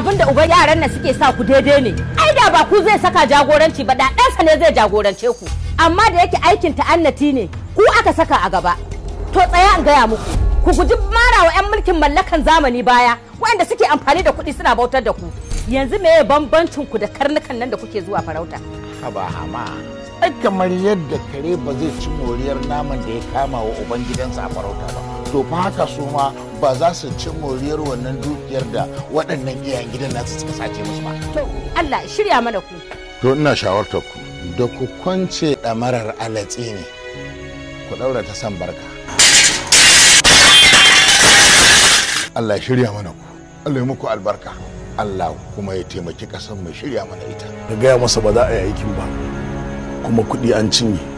abin da uban yaran nan suke sa ku daidai ne ai da ba ku zai saka jagoranci ba da ɗansa ne zai jagorance ku amma da yake aikin ta'annati ne ku aka saka a gaba to tsaya in gaya muku ku guji mara wa 'yan mulkin mallakan zamani baya waɗanda suke amfani da kuɗi suna bautar da ku yanzu me ya bambancin ku da karnukan nan da kuke zuwa farauta haba hama ai kamar yadda kare ba zai ci moriyar naman da ya kama wa ubangidansa a farauta ba to fa haka su ma ba za su ci moriyar wannan dukiyar da waɗannan iyayen gidan nasu suka sace musu ba. To Allah shirya mana ku. To ina shawarta ku da ku kwance ɗamarar alatsi ne ku ɗaura ta san barka. Allah shirya mana ku. Allah ya muku albarka. Allah kuma ya taimaki ƙasar mai shirya mana ita. Ka gaya masa ba za a yi aikin ba kuma kuɗi an cinye.